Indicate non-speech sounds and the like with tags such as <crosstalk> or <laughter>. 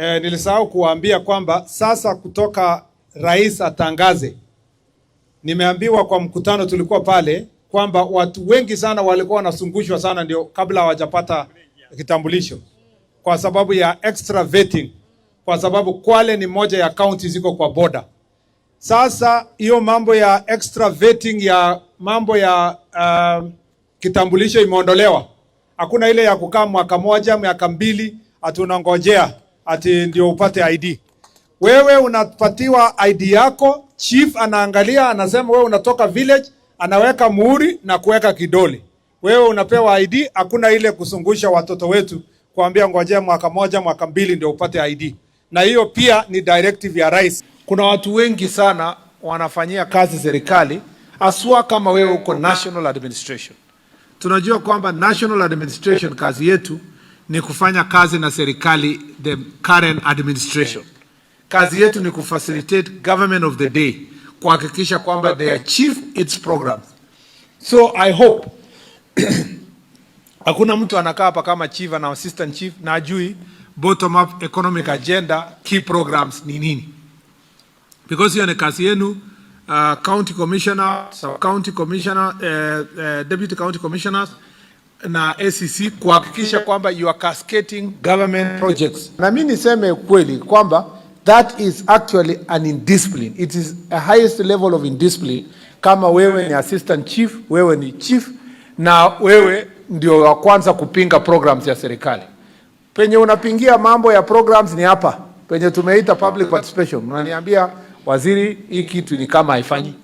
e, nilisahau kuwaambia kwamba sasa kutoka rais atangaze, nimeambiwa kwa mkutano tulikuwa pale kwamba watu wengi sana walikuwa wanasungushwa sana, ndio kabla hawajapata kitambulisho kwa sababu ya extra vetting, kwa sababu Kwale ni moja ya kaunti ziko kwa boda. Sasa hiyo mambo ya extra vetting ya mambo ya uh, kitambulisho imeondolewa. Hakuna ile ya kukaa mwaka moja, miaka mbili, hatunangojea ati ndio upate ID. Wewe unapatiwa ID yako, chief anaangalia, anasema wewe unatoka village, anaweka muhuri na kuweka kidole. Wewe unapewa ID, hakuna ile kuzungusha watoto wetu kuambia ngojea mwaka moja mwaka mbili ndio upate ID. Na hiyo pia ni directive ya rais. Kuna watu wengi sana wanafanyia kazi serikali, aswa kama wewe uko national administration. Tunajua kwamba national administration kazi yetu ni kufanya kazi na serikali, the current administration. Kazi yetu ni kufacilitate government of the day, kuhakikisha kwamba they achieve its programs. So I hope <clears throat> hakuna mtu anakaa hapa kama chief na assistant chief na ajui bottom up economic agenda key programs ni nini, because hiyo ni kazi yenu. Uh, county commissioner, sub county commissioner, uh, uh, deputy county commissioners na ACC kuhakikisha mm. kwamba you are cascading government projects. Na mimi niseme kweli kwamba that is actually an indiscipline. It is a highest level of indiscipline kama wewe ni assistant chief, wewe ni chief na wewe ndio wa kwanza kupinga programs ya serikali. Penye unapingia mambo ya programs ni hapa penye tumeita public participation, unaniambia waziri, hii kitu ni kama haifanyi